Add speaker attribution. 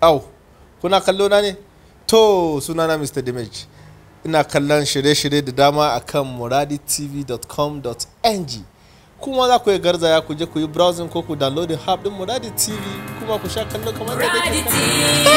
Speaker 1: au kuna kallo na ne to sunana mr damage ina kallon shirye-shirye da dama akan muraditv.com.ng kuma za ku yi garzaya ku je ku yi browsing ko ku downloading app din muradi tv
Speaker 2: kuma ku sha kallo kamar da